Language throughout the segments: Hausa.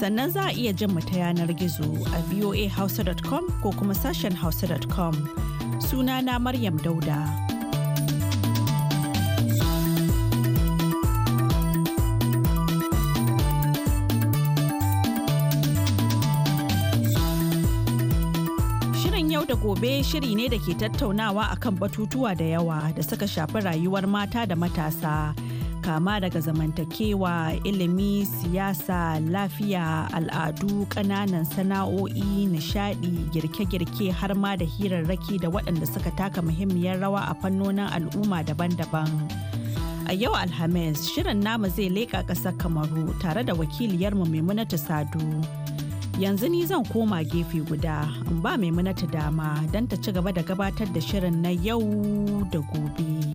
Sannan za a iya jin mu ta yanar gizo a voahausa.com ko kuma sashen hausa.com. na Maryam Dauda. yau da gobe shiri ne da ke tattaunawa akan batutuwa da yawa da suka shafi rayuwar mata da matasa kama daga zamantakewa ilimi siyasa lafiya al'adu kananan sana'o'i nishadi girke-girke har ma da hirarraki da waɗanda suka taka muhimmiyar rawa a fannonin al'umma daban-daban a yau alhamis shirin namu zai leƙa ƙasar kamaru tare da wakiliyarmu maimunatu sadu yanzu ni zan koma gefe guda in ba maimunatu dama don ta ci gaba da gabatar da shirin na yau da gobe.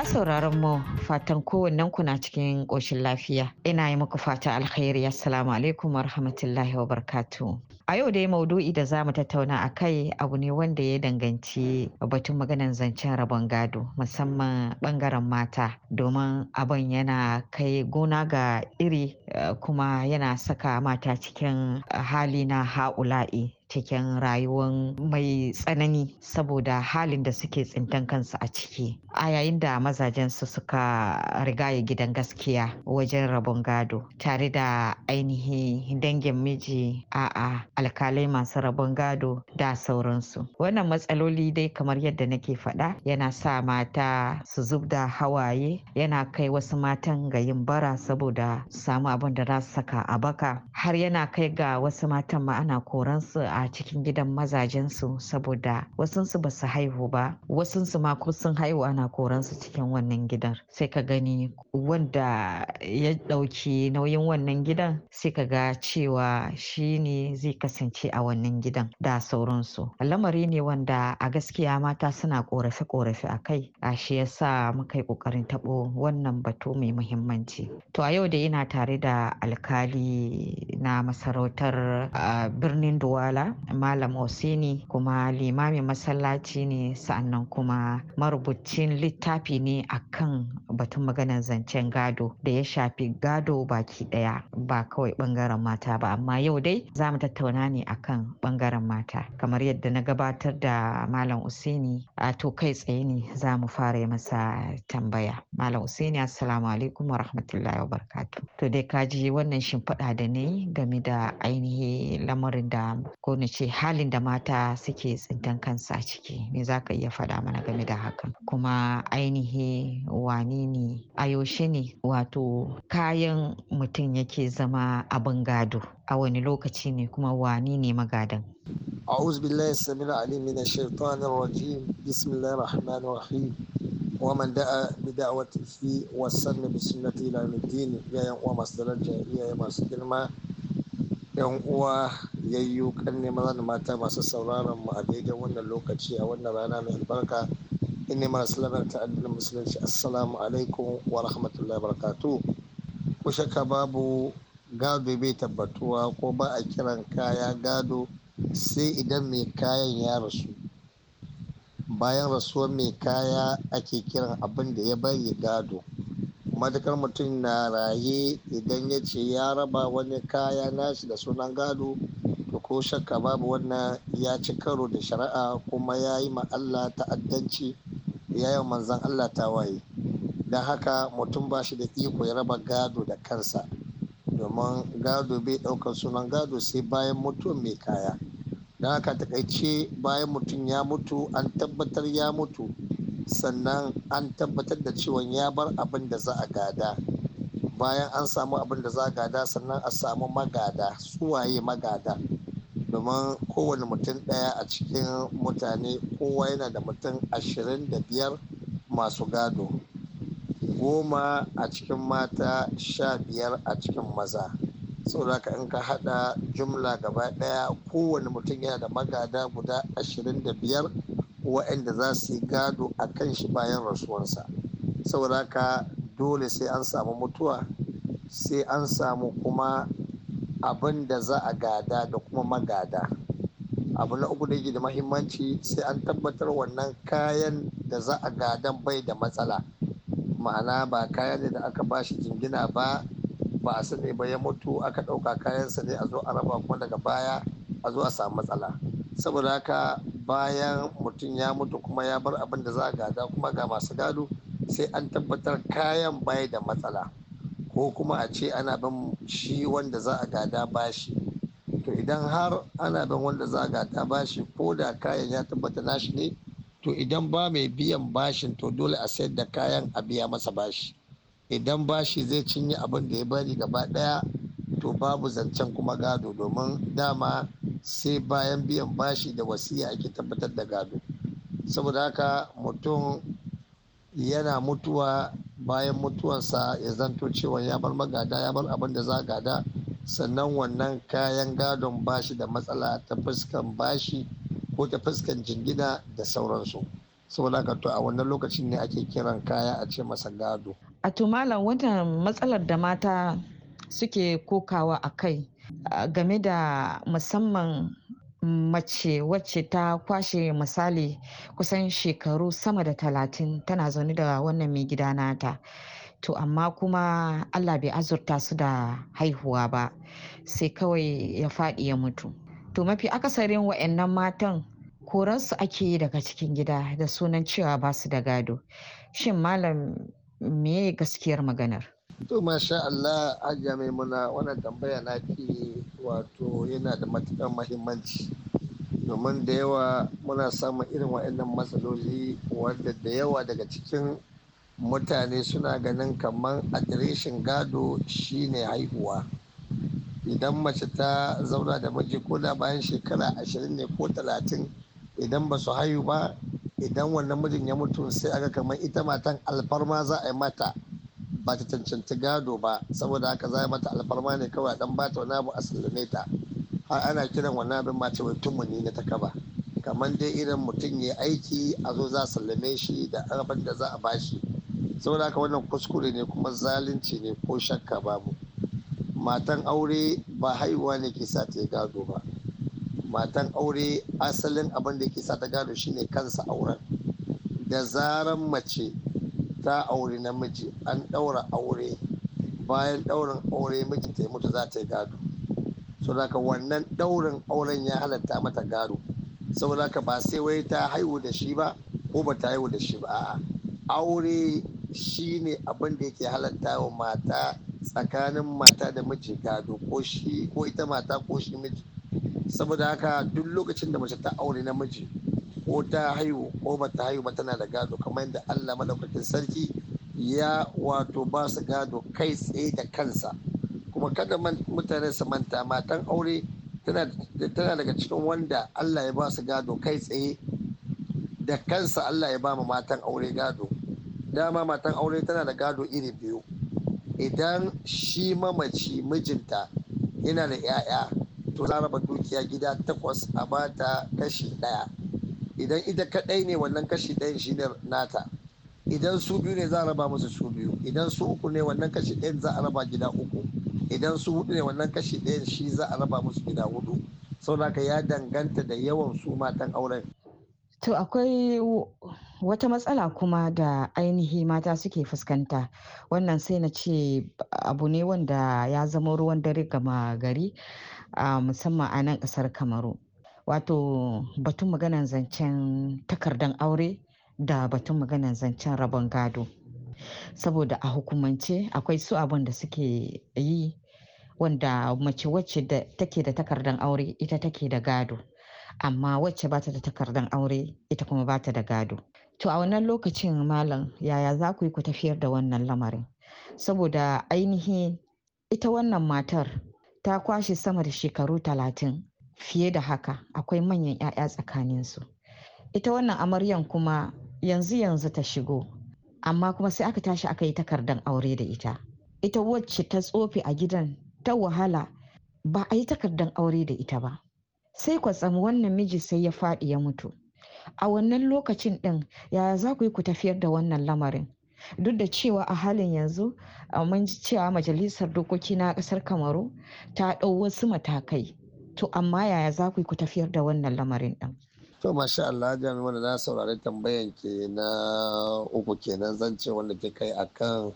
sauraron mu fatan kowannen ku na cikin ƙoshin lafiya. Ina yi muku fata alkhairi assalamu alaikum wa rahmatullahi barkatu. A yau dai maudu'i da za mu tattauna a kai abu ne wanda ya danganci batun maganan zancen rabon gado musamman bangaren mata domin abin yana kai gona ga iri eh, kuma yana saka mata cikin eh, hali na ha'ula'i cikin rayuwar mai tsanani saboda halin da suke tsintan kansu a ciki a yayin da mazajen su suka rigaye gidan gaskiya wajen rabon gado tare da ainihin dangin miji a alkalai masu rabon gado da sauransu wannan matsaloli dai kamar yadda nake faɗa yana sa mata su zub da hawaye yana kai wasu matan ga yin bara saboda samu abin da za su saka a baka har yana kai ga wasu matan ma ana koransu a a cikin gidan mazajensu saboda wasunsu ba su haihu ba wasunsu ma ko sun haihu ana koransu cikin wannan gidan sai ka gani wanda ya ɗauki nauyin wannan gidan sai ka ga cewa shi ne zai kasance a wannan gidan da sauransu lamari ne wanda a gaskiya mata suna korafe korafe a kai a shi ya sa muka yi kokarin taɓo wannan batu mai muhimmanci to a yau da ina tare da alkali na masarautar birnin duwala Malam Osini kuma limamin masallaci ne sa'annan kuma marubucin littafi ne a kan batun maganar zancen gado da ya shafi gado baki daya ba kawai bangaren mata ba amma yau dai za mu tattauna ne akan bangaren mata kamar yadda na gabatar da Malam Usini a to kai tsaye ne za mu fara masa tambaya Malam Usini assalamu alaikum wa rahmatullahi wa barkatu to dai kaji wannan shimfiɗa da na game da ainihin lamarin da na ce halin da mata suke tsintan kansa ciki me za ka iya faɗa mana game da hakan kuma ainihi wani ne a yaushe ne wato kayan mutum yake zama abin gado a wani lokaci ne kuma wani ne magadan أعوذ بالله السميع العليم من الشيطان الرجيم بسم الله الرحمن الرحيم ومن دعا بدعوته وسن بسنته إلى الدين يا يوم مصدر الجاهلية يا مصدر yan uwa yayyu kanne maza da mata masu sauraron mu a daidai wannan lokaci a wannan rana mai albarka in ne mana salamar ta addinin musulunci assalamu alaikum wa rahmatullahi barakatu ku shakka babu gado bai tabbatuwa ko ba a kiran kaya gado sai idan mai kayan ya rasu bayan rasuwar mai kaya ake kiran abin da ya bari gado matakar mutum na raye idan ya ce ya raba wani kaya nashi da sunan gado to ko shakka babu wannan ya ci karo da shari'a kuma ya yi ma Allah ta'addanci ya yi manzan Allah ta waye don haka mutum ba shi da iko ya raba gado da kansa domin gado bai ɗaukar sunan gado sai bayan mutum mai kaya don haka takaice bayan mutum ya mutu an tabbatar ya mutu sannan an tabbatar da cewa ya bar abin da za a gada bayan an samu abin da za a gada sannan a samu magada suwaye magada domin kowane mutum ɗaya a cikin mutane kowa yana da mutum ashirin da biyar masu gado goma a cikin mata sha biyar a cikin maza saboda in ka hada jumla gaba daya kowane mutum yana da magada guda ashirin da biyar waɗanda za su yi gado a kan shi bayan rasuwansa saboda haka dole sai an samu mutuwa sai an samu kuma abin da za a gada da kuma magada abu na uku da yake da mahimmanci sai an tabbatar wannan kayan da za a gadan bai da matsala ma'ana ba kayan ne da aka ba shi jingina ba ba a sani ba ya mutu aka ɗauka kayansa ne a zo a raba kuma daga baya a zo a samu matsala saboda haka bayan mutum ya mutu kuma ya bar abin da za a gada kuma ga masu gado sai an tabbatar kayan baya da matsala ko kuma a ce ana bin shi wanda za a gada bashi to idan har ana bin wanda za a gada bashi ko da kayan ya tabbata nashi ne to idan ba mai biyan bashin to dole a sayar da kayan a biya masa bashi idan bashi zai cinye abin da ya bari gaba daya to babu zancen kuma gado domin dama sai bayan biyan bashi da wasiya ake tabbatar da gado saboda haka mutum yana mutuwa bayan mutuwansa ya zanto cewa ya bar magada ya bar abin da za gada sannan wannan kayan gadon bashi da matsala ta fuskan bashi ko ta fuskan jingina da sauransu saboda haka to a wannan lokacin ne ake kiran kaya a ce masa gado a tumalan malam wannan matsalar da mata suke kokawa a kai game da musamman mace wacce ta kwashe misali kusan shekaru sama da talatin tana zaune da wannan mai gida nata to amma kuma allah bai azurta su da haihuwa ba sai kawai ya faɗi ya mutu to mafi akasarin wa'annan matan koransu ake yi daga cikin gida da sunan cewa ba su da gado shin malam me gaskiyar maganar To masha Allah mai muna wannan tambaya na ke wato yana da matuƙar mahimmanci domin da yawa muna samun irin waɗannan matsaloli wadda da yawa daga cikin mutane suna ganin kamar adireshin gado shine haihuwa idan mace ta zauna da miji ko da bayan shekara ashirin ne ko talatin idan ba su haihu ba idan wannan mijin ya mutu sai aga kamar ita matan alfarma za a yi mata ba ta cancanci gado ba saboda haka za mata alfarma ne kawai dan bata wani abu a sallame ta har ana kiran wannan abin ma ce tumuni na ta kaba kamar dai irin mutum ya aiki a zo za sallame shi da abin da za a bashi saboda haka wannan kuskure ne kuma zalunci ne ko shakka babu matan aure ba haihuwa ne ke sa ta yi gado ba matan aure asalin abin da ke sa ta gado shine kansa auren da zaran mace ta aure namiji an ɗaura aure bayan ɗaurin aure mijin ta mutu za ta yi gado saboda ka wannan ɗaurin auren ya halatta mata gado saboda ka ba sai wai ta haihu da shi ba ko ba ta haihu da shi ba a'a aure shine abin da yake halatta wa mata tsakanin mata da miji gado ko shi ko ita mata ko shi miji saboda haka duk lokacin da mace ta aure namiji ko ta haihu ko ba ta haihu ba tana da gado kamar yadda Allah madaukakin sarki ya wato ba su gado kai tsaye da kansa kuma kada mutane su manta matan aure tana daga cikin wanda Allah ya ba su gado kai tsaye da kansa Allah ya ba ma matan aure gado dama matan aure tana da gado iri biyu idan shi mamaci mijinta yana da 'ya'ya to za raba dukiya gida takwas a bata kashi ɗaya idan ita kadai ne wannan kashi ɗayan shi ne nata idan su biyu ne za a raba musu su biyu idan su uku ne wannan kashi ɗayan za a raba gida uku idan su hudu ne wannan kashi ɗayan shi za a raba musu gida hudu saboda ya danganta da yawan su matan auren To akwai wata matsala kuma da ainihi mata suke fuskanta wannan sai na ce abu ne wanda ya zama ruwan dare gama gari ah, musamman a nan kasar kamaru wato batun maganan zancen takardan aure da batun maganan zancen rabon gado saboda a hukumance akwai su abin da suke yi wanda mace wacce da take da takardan aure ita take da gado amma wacce bata da takardan aure ita kuma bata da gado to a wannan lokacin malam yaya za ku yi ku tafiyar da wannan lamarin saboda ainihin ita wannan matar ta kwashe sama da shekaru talatin fiye da haka akwai manyan 'ya'ya tsakaninsu ita wannan amaryan kuma yanzu yanzu ta shigo amma kuma sai aka tashi aka yi takardan aure da ita ita wacce ta tsofi a gidan ta wahala ba a yi takardar aure da ita ba sai kwatsam wannan miji sai ya faɗi ya mutu a wannan lokacin ɗin yaya za ku yi ku tafiyar da wannan lamarin duk da cewa a halin yanzu mun cewa majalisar dokoki na ƙasar kamaru ta ɗau wasu matakai to amma yaya za ku yi ku tafiyar da wannan lamarin ɗin? to masha Allah jan wanda na saurari tambayan ke na uku kenan zan ce wanda ke kai akan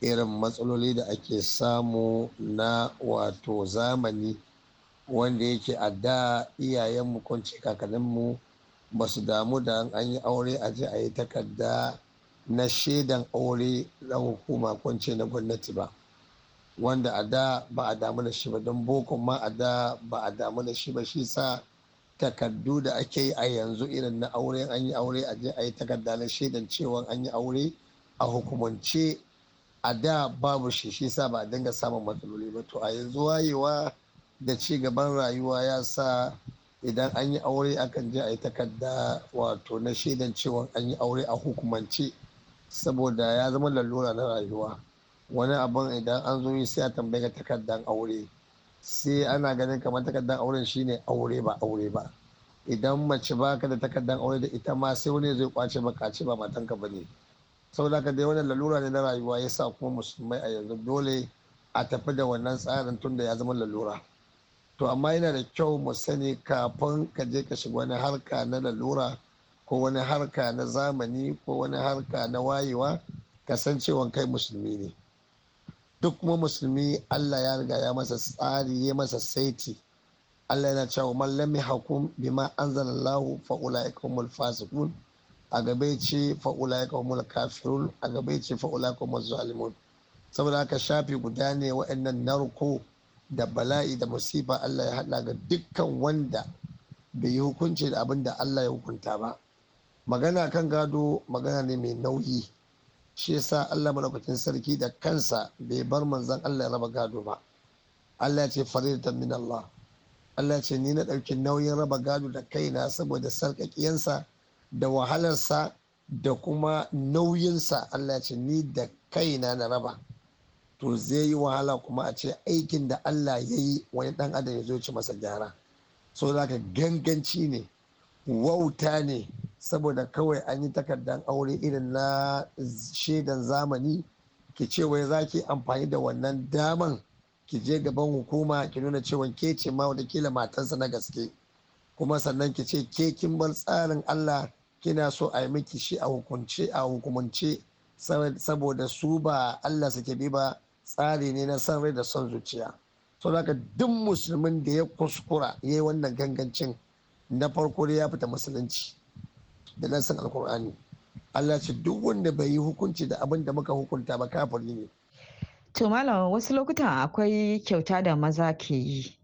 irin matsaloli da ake samu na wato zamani wanda yake a da iyayenmu kwanci kakanninmu ba su damu da an yi aure a je a yi takarda na shaidan aure na hukuma kwanci na gwamnati ba wanda a da ba a damu da shi ba don boko ma a da ba a damu da shi ba shi sa takardu da ake yi a yanzu irin na aure an yi aure a je a yi takarda na shaidan cewa an yi aure a hukumance a da babu shi shi sa ba a dinga samun matsaloli ba to a yanzu wayewa da ci gaban rayuwa ya sa idan an yi aure akan je a yi takarda wato na shaidan cewa an yi aure a hukumance saboda ya zama lalura na rayuwa wani abin idan an zo yi sai a tambaye ga takardar aure sai ana ganin kamar takardar auren shine aure ba aure ba idan mace ba ka da takardan aure da ita ma sai wani zai kwace maka ce ba matanka ba ne saboda ka dai wannan lalura ne na rayuwa ya sa kuma musulmai a yanzu dole a tafi da wannan tsarin tun da ya zama lalura to amma yana da kyau mu sani kafin ka je ka shiga wani harka na lalura ko wani harka na zamani ko wani harka na wayewa cewa kai musulmi ne duk kuma musulmi Allah ya riga ya masa tsari ya masa saiti Allah yana cewa man lam yahkum bima anzalallahu fa ulaika humul fasiqun a ya ce fa ulaika humul kafirun a ya ce fa ulaika humul zalimun saboda haka shafi guda ne wa'annan narko da bala'i da musiba Allah ya hada ga dukkan wanda bai yi hukunci da abin da Allah ya hukunta ba magana kan gado magana ne mai nauyi shi yasa Allah malakacin sarki da kansa bai bar manzon Allah ya raba gado ba Allah ya ce faridatan min Allah Allah ya ce ni na ɗauki nauyin raba gado da kaina saboda sarƙaƙiyansa da wahalarsa da kuma nauyinsa Allah ya ce ni da kaina na raba to zai yi wahala kuma a ce aikin da Allah ya yi wani ɗan adam ya zo ci masa gyara so zaka ganganci ne wauta ne saboda kawai an yi takardar aure irin na shaidan zamani ki ce wai za ki amfani da wannan daman ki je gaban hukuma ki nuna cewa ke ce ma watakila matarsa na gaske kuma sannan ki ce ke kin bar tsarin Allah kina so a yi miki shi a hukunce a hukumance saboda su ba Allah suke bi ba tsari ne na san rai da son zuciya sau haka duk musulmin da ya kuskura ya yi wannan gangancin na farko ya fita musulunci da nasan alkur'ani Allah ce duk wanda bai yi hukunci da abin da muka hukunta ba kafiri ne to malam wasu lokutan akwai kyauta da maza ke yi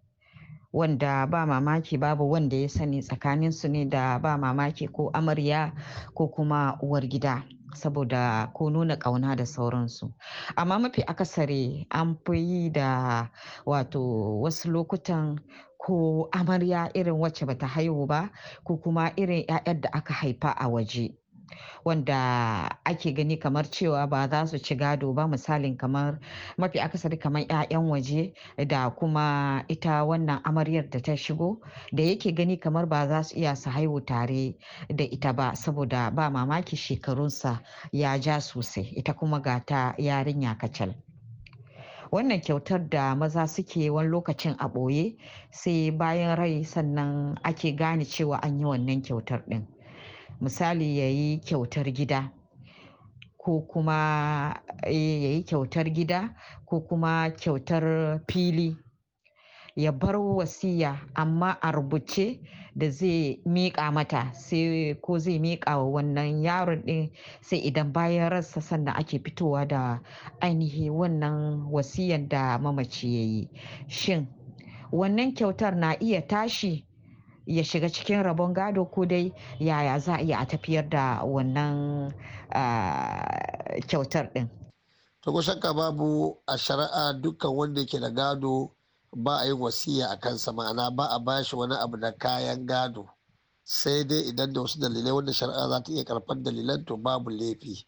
wanda ba mamaki babu wanda ya sani tsakanin su ne da ba mamaki ko amarya ko kuma uwar gida saboda ko nuna kauna da sauransu amma mafi akasari an fi yi da wato wasu lokutan ko amarya irin wacce bata haihu ba ko kuma irin 'ya'yan da aka haifa a waje wanda ake gani kamar cewa ba za su ci gado ba misalin kamar mafi akasari kamar 'ya'yan waje da kuma ita wannan amaryar da ta shigo da yake gani kamar ba za su iya su haihu tare da ita ba saboda ba mamaki shekarunsa ya ja sosai ita kuma ga ta yarinya kacal wannan kyautar da maza suke wani lokacin a ɓoye sai bayan rai sannan ake gane cewa an yi wannan kyautar ɗin misali ya yi kyautar gida ko kuma eh, ya yi kyautar gida ko kuma kyautar fili ya bar wasiya amma a rubuce da zai miƙa mata sai ko zai miƙa wa wannan yaron ɗin sai idan bayan rasa sannan ake fitowa da ainihi wannan wasiyan da mamaci ya yi shin wannan kyautar na iya tashi ya shiga cikin rabon gado ko dai yaya za a iya a tafiyar da wannan kyautar ɗin. ta shakka babu a shari'a dukkan wanda ke da gado ba a yi wasiya a kansa ma'ana ba a bashi wani abu da kayan gado sai dai idan da wasu dalilai wanda shari'a za ta iya karfan dalilan to babu laifi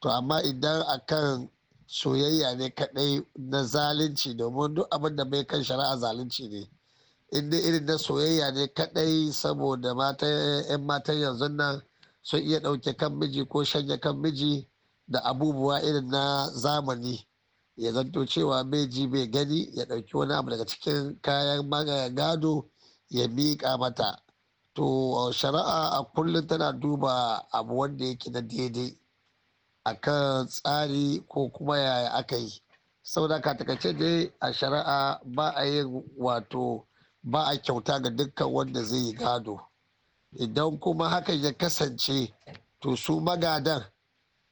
to amma idan a kan soyayya ne kadai na zalunci domin duk abin da bai kan shari'a zalunci ne in irin na soyayya ne kadai saboda mata yan matan yanzu nan sun iya ɗauke kan miji ko shanya kan miji da abubuwa irin na zamani ya zanto cewa meji ji bai gani ya ɗauki wani abu daga cikin kayan magaya gado ya miƙa mata to shari'a a kullum tana duba abu wanda yake na daidai a kan tsari ko kuma yaya aka yi saboda ka takace dai a shari'a ba a yin wato ba a kyauta ga dukkan wanda zai yi gado idan kuma hakan ya kasance to su magadan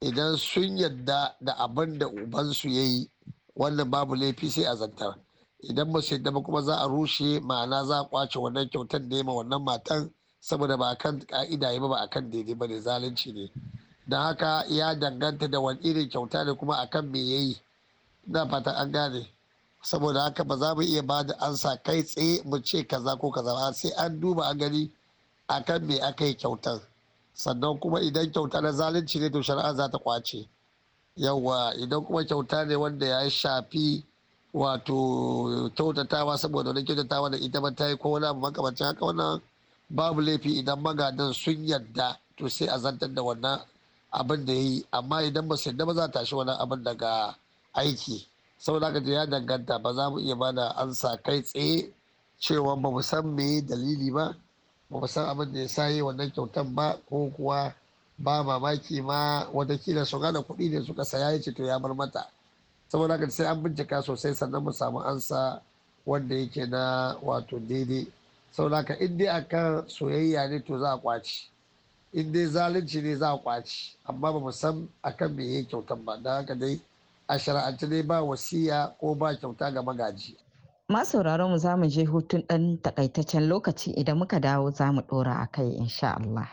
idan sun yadda da abin da ubansu ya yi wannan babu laifi sai a zantar idan ba su yadda ba kuma za a rushe ma'ana za a kwace wannan kyautar da ma wannan matan saboda ba a kan ka'ida ya ba ba kan daidai ba ne zalunci ne don haka ya danganta da wani irin kyauta ne kuma a kan me yayi ina fata an gane saboda haka ba za mu iya ba da ansa kai tsaye mu ce kaza ko kaza ba sai an duba an gani a kan me aka yi kyautar sannan kuma idan kyauta na zalunci ne to shari'a za ta kwace yawa idan kuma kyauta ne wanda ya shafi wato kyautatawa saboda wani kyautatawa da ita ba ta yi ko wani abu makamancin haka wannan babu laifi idan magadan sun yadda to sai a zantar da wannan abin da ya yi amma idan ba su yadda ba za ta shi wani abin daga aiki saboda haka ya danganta ba za mu iya ba da ansa kai tsaye cewa ba mu san me dalili ba ba mu san abin da ya sa yi wannan kyautan ba ko kuwa ba mamaki ma watakila su gane kuɗi ne suka saya ya ce to ya bar mata saboda haka sai an bincika sosai sannan mu samu ansa wanda yake na wato daidai saboda haka in dai akan soyayya ne to za a kwaci in zalunci ne za a kwaci amma ba mu san akan me yake kyautan ba don haka dai a shara'anci dai ba wasiya ko ba kyauta ga magaji sauraron mu za mu je hutun ɗan takaitaccen lokaci idan muka dawo za mu ɗora a kai insha Allah.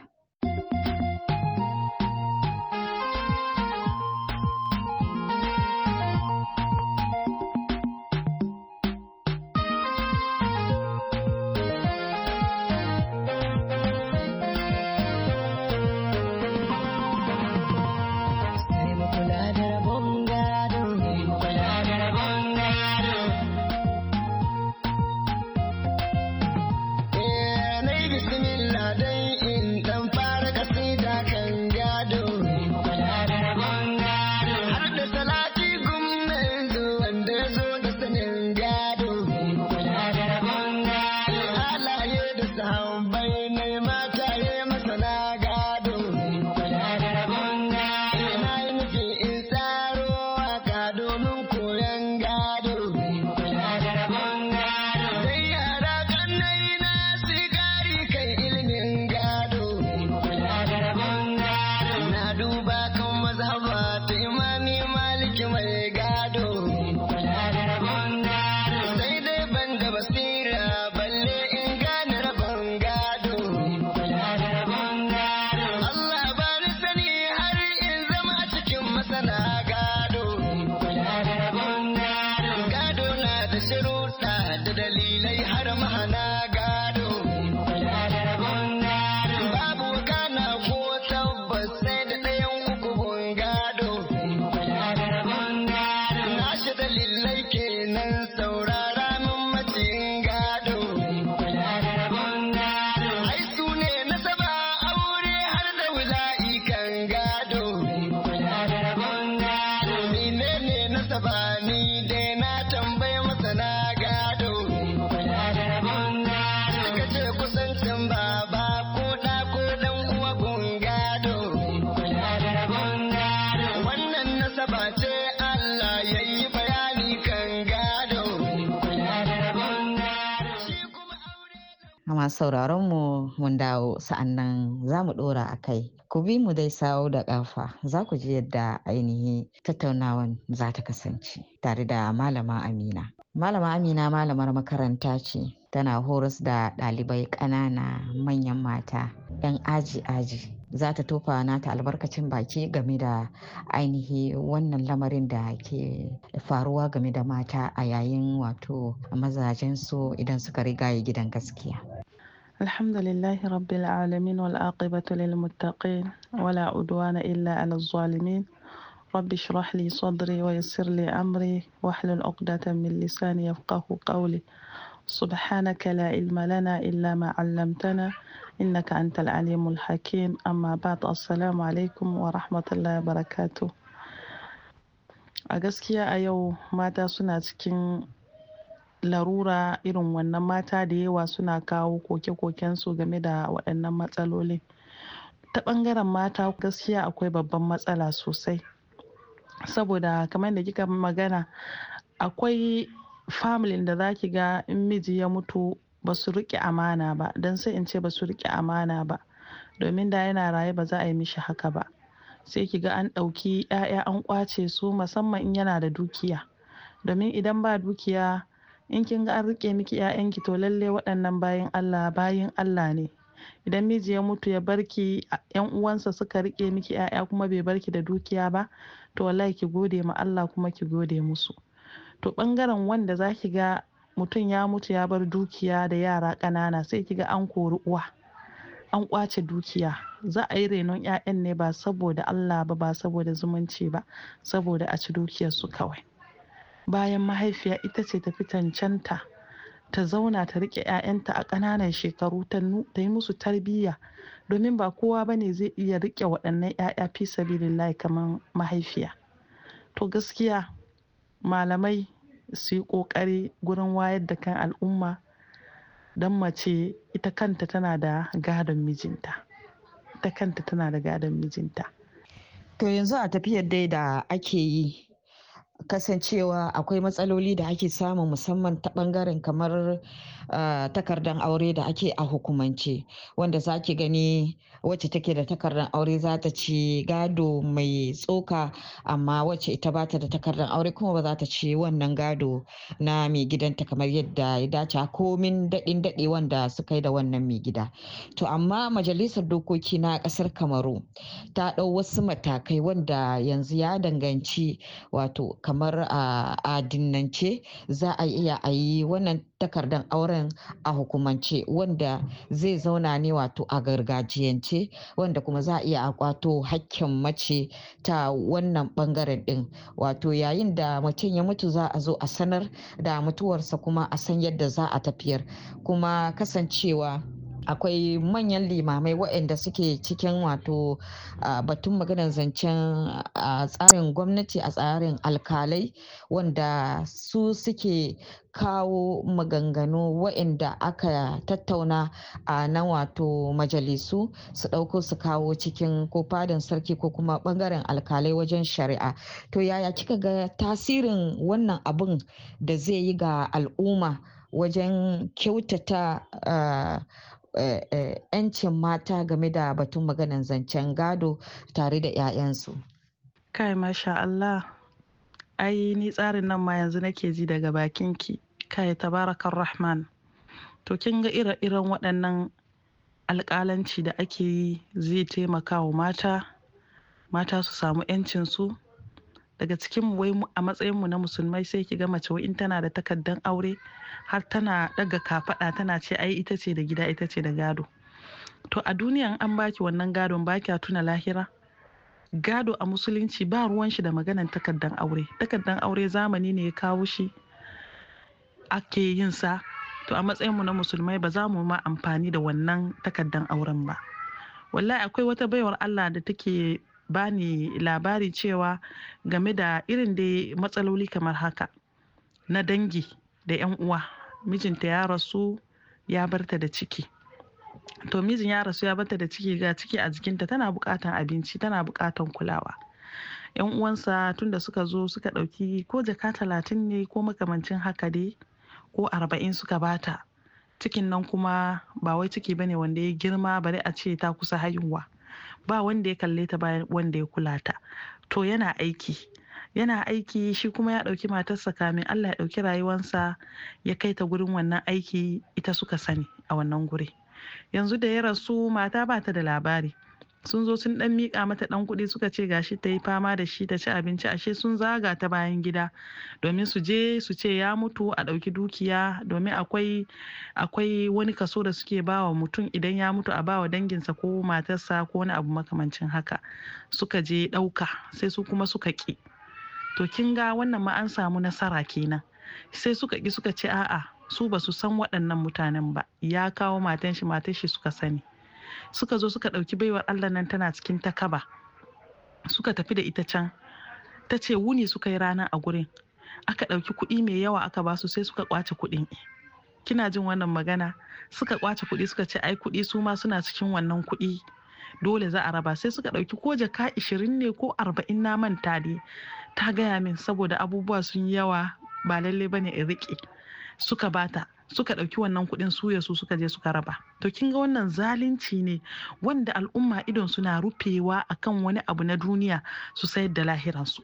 masu sauraron mu mun dawo sa'annan za mu ɗora a kai. Ku bi mu dai sawo da ƙafa za ku ji yadda ainihin tattaunawan za ta kasance tare da Malama Amina. Malama Amina malamar makaranta ce tana horas da ɗalibai ƙanana manyan mata 'yan aji-aji. za ta tofa nata albarkacin baki game da ainihi wannan lamarin da ke faruwa game da mata a yayin wato mazajen su idan suka rigaye gidan gaskiya. الحمد لله رب العالمين والآقبة للمتقين ولا عدوان إلا على الظالمين رب اشرح لي صدري ويسر لي أمري واحلل عقدة من لساني يفقه قولي سبحانك لا علم لنا إلا ما علمتنا إنك أنت العليم الحكيم أما بعد السلام عليكم ورحمة الله وبركاته أجسكي أيو a yau mata larura irin wannan mata da yawa suna kawo koke-kokensu game da waɗannan matsalolin ta ɓangaren mata gaskiya akwai babban matsala sosai saboda kamar da kika magana akwai familin da za ki ga in miji ya mutu ba su riƙe amana ba don sai in ce ba su riƙe amana ba domin da yana raye ba za a yi mishi haka ba sai ki ga an ɗauki 'ya'ya an ƙwace su musamman in yana da dukiya domin idan ba dukiya in kin ga an rike miki 'ya'yanki to lalle waɗannan bayan Allah bayin Allah ne idan miji ya mutu ya barki yan uwansa suka rike miki ƴaƴa kuma bai barki da dukiya ba to wallahi ki gode ma Allah kuma ki gode musu to bangaren wanda zaki ga mutum ya mutu ya bar dukiya da yara ƙanana sai ki ga an kori uwa an kwace dukiya za a yi renon ƴaƴan ne ba saboda Allah ba ba saboda zumunci ba saboda a ci dukiyarsu kawai bayan mahaifiya ita ce tafi cancanta ta zauna ta riƙe 'ya'yanta a ƙananan shekaru ta yi musu tarbiyya domin ba kowa ba ne zai iya riƙe waɗannan 'ya'ya fi sabilillahi kamar mahaifiya to gaskiya malamai su yi ƙoƙari gurin wayar da kan al'umma don mace ita kanta tana da gadon mijinta ita kanta tana da gadon mijinta to yanzu a tafiyar dai da ake yi kasancewa akwai matsaloli da ake samu musamman ta bangaren kamar eh, takardar aure da ake a hukumance wanda za ki gani wacce take da takardar aure za ta ci gado mai tsoka amma wacce ita bata da takardar aure kuma ba za ta ci wannan gado na mai gidanta kamar yadda ya dace komin daɗin daɗe wanda suka yi da wannan mai gida to amma majalisar dokoki na ƙasar kamaru ta ɗau wasu matakai wanda yanzu ya danganci wato kamar a adinnance za a iya a yi wannan takardar auren a hukumance wanda zai zauna ne wato a gargajiyance wanda kuma za a iya a kwato hakkin mace ta wannan bangaren din wato yayin da mutum ya mutu za a zo a sanar da mutuwarsa kuma a san yadda za a tafiyar kuma kasancewa akwai manyan limamai waɗanda suke cikin wato batun maganar zancen tsarin gwamnati a tsarin alkalai wanda su suke kawo maganganu waɗanda aka tattauna a na wato majalisu su ɗauko su kawo cikin ko fadin sarki ko kuma ɓangaren alkalai wajen shari'a to yaya kika ga tasirin wannan abin da zai yi ga al'umma wajen kyautata Eh, eh, 'yancin mata game da batun maganan zancen gado tare da 'ya'yansu. kai masha Allah ai ni tsarin nan ma yanzu nake ji daga bakinki kai tabarakar rahman to kin ga ire-iren waɗannan alƙalanci da ake yi zai taimaka wa mata mata su samu 'yancinsu daga cikin wai a matsayinmu na musulmai sai ki ga mace wai in tana da takaddan aure har tana daga kafada tana ce ai ita ce da gida ita ce da gado to a duniyan an baki wannan gadon ba kya tuna lahira gado a musulunci ba ruwan shi da maganan takaddan aure takaddan aure zamani ne ya kawo shi ake yin sa to a matsayin mu na musulmai ba za mu ma amfani da wannan takaddan auren ba wallahi akwai wata baiwar Allah da take bani labari cewa game da irin dai matsaloli kamar haka na dangi da 'yan uwa mijinta ya rasu ya barta da ciki to mijin ya rasu ya barta da ciki ga ciki a jikinta tana bukatan abinci tana bukatan kulawa yan uwansa tunda suka zo suka dauki ko jaka talatin ne ko makamancin haka dai ko arba'in suka bata cikin nan kuma ba wai ciki bane wanda ya girma bare a ce ta kusa haihuwa ba wanda ya kalle ta ba wanda ya kula ta to yana aiki yana aiki shi kuma ya ɗauki matarsa kamin Allah ya ɗauki rayuwansa ya kai ta gurin wannan aiki ita suka sani a wannan guri yanzu da ya rasu mata ba ta da labari sun zo sun dan mika mata dan kuɗi suka ce gashi ta yi fama da shi ta ci abinci ashe sun zaga ta bayan gida domin su je su ce ya mutu a ɗauki dukiya domin akwai wani kaso da suke bawa mutum idan ya mutu a bawa danginsa ko matarsa ko wani abu makamancin haka suka je ɗauka sai su kuma suka ƙi to kin ga wannan ma an samu nasara kenan sai suka ƙi suka ce a'a su ba su san waɗannan mutanen ba ya kawo matan shi matan shi suka sani suka zo suka ɗauki baiwar allah nan tana cikin takaba suka tafi da ita can ta ce wuni suka yi rana a gurin aka ɗauki kuɗi mai yawa aka basu sai suka kwace kuɗin kina jin wannan magana suka kwace kuɗi suka ce ai kuɗi su ma suna cikin wannan kuɗi dole za a raba sai suka ɗauki ko jaka ishirin ne ko arba'in na manta ne ta gaya min saboda abubuwa sun yawa ba lalle bane in riƙe suka bata suka ɗauki wannan kuɗin suya su suka je suka raba to kin ga wannan zalunci ne wanda al'umma idon suna rufewa akan wani abu na duniya su sayar da lahiransu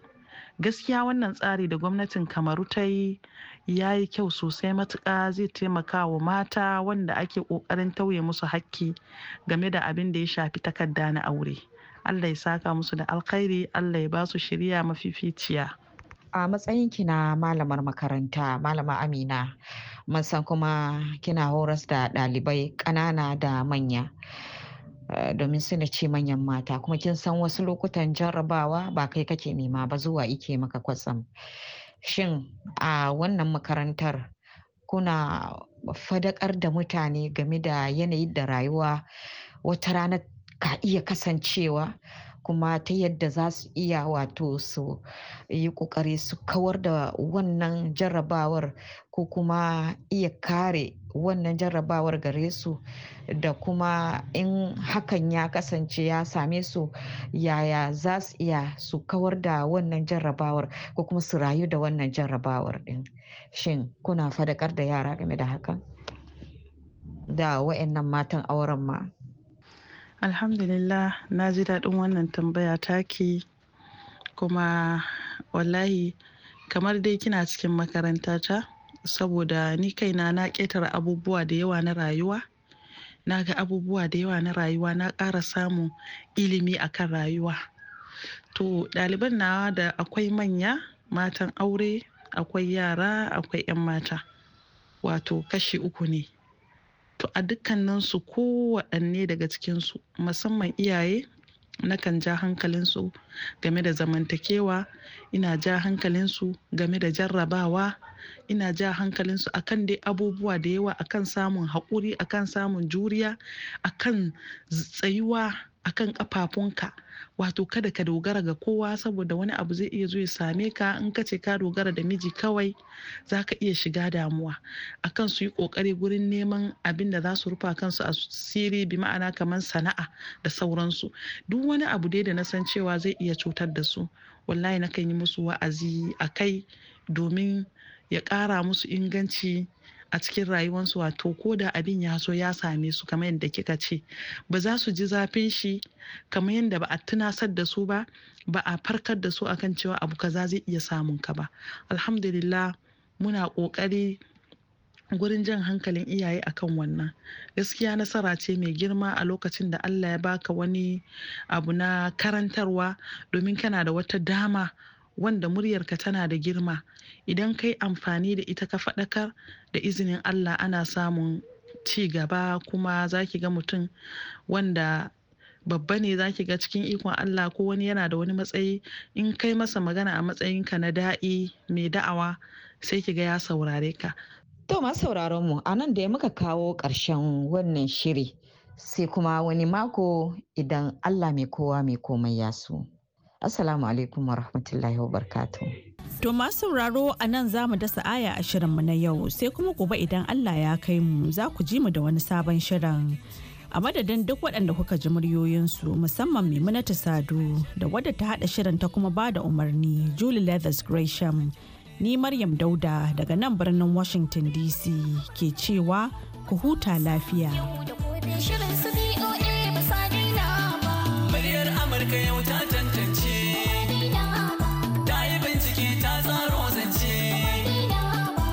gaskiya wannan tsari da gwamnatin kamaru ta yi ya yi kyau sosai matuƙa zai taimaka wa mata wanda ake ƙoƙarin tauye musu hakki game da abin da ya shafi takarda na aure allah ya saka musu da alkhairi allah ya ba su shirya mafificiya a matsayin ki na malamar makaranta malama amina mun san kuma kina horas da ɗalibai ƙanana da manya eh, domin suna ce manyan mata kuma kin san wasu lokutan jarrabawa ba kai kake nema ba zuwa ike maka kwatsam shin a wannan makarantar kuna fadakar da mutane game da yanayin da rayuwa wata rana ka iya kasancewa kuma ta yadda za su iya wato su yi kokari su kawar da wannan jarrabawar ko kuma iya kare wannan jarrabawar gare su da kuma in hakan ya kasance ya same su yaya za su iya su kawar da wannan jarrabawar ko kuma su rayu da wannan jarrabawar din shin kuna fadakar da yara game da hakan da wa'annan matan auren ma alhamdulillah na ji daɗin wannan tambaya taki kuma wallahi kamar dai kina cikin makaranta ta saboda ni kaina na ƙetare abubuwa da yawa na rayuwa na ga abubuwa da yawa na rayuwa na ƙara samun ilimi akan rayuwa to ɗaliban nawa da akwai manya matan aure akwai yara akwai 'yan mata wato kashi uku ne to a dukkaninsu kowaɗanne daga cikinsu musamman iyaye na kan ja hankalinsu game da zamantakewa ina ja hankalinsu game da jarrabawa ina ja hankalinsu akan dai abubuwa da yawa akan samun haƙuri akan samun juriya akan tsayuwa akan kafafunka wato kada ka dogara ga kowa saboda wani abu zai iya zo ya same ka in ka ce ka dogara da miji kawai za ka iya shiga damuwa akan su yi kokari gurin neman abin da za su rufa kansu a siri bi ma'ana kamar sana'a da sauransu duk wani abu dai da na san cewa zai iya cutar da su wallahi na kan yi musu wa'azi a kai domin ya ƙara musu inganci a cikin rayuwarsu wato ko da abin ya so ya same su kamar yadda kika ce ba za su ji zafin shi kamar yadda ba a tunasar da su ba ba a farkar da su akan cewa abu kaza zai iya samun ka ba alhamdulillah muna ƙoƙari gurin jan hankalin iyaye akan wannan gaskiya nasara ce mai girma a lokacin da allah ya baka wani abu na karantarwa domin kana da wata dama wanda muryarka tana da girma idan kai amfani da ita ka faɗakar da izinin allah ana samun ci gaba kuma za ki ga mutum wanda babba ne za ki ga cikin ikon Allah ko wani yana da wani matsayi in kai masa magana a matsayinka na da'i mai da'awa sai ki ga ya saurare ka. To ma sauraron mu a nan da ya muka kawo ƙarshen wannan shiri sai kuma wani mako idan Allah mai kowa mai komai ya so. Assalamu alaikum wa rahmatullahi wa barkatu. To masu sauraro a nan za mu dasa aya a shirinmu na yau sai kuma gobe idan Allah ya kai mu za ku ji mu da wani sabon shirin. A madadin duk waɗanda kuka ji muryoyinsu musamman Maimunatu Sadu da wadda ta haɗa shirin ta kuma bada umarni Julie Leathers Gresham. Ni Maryam Dauda daga nan birnin Washington DC ke cewa ku huta lafiya.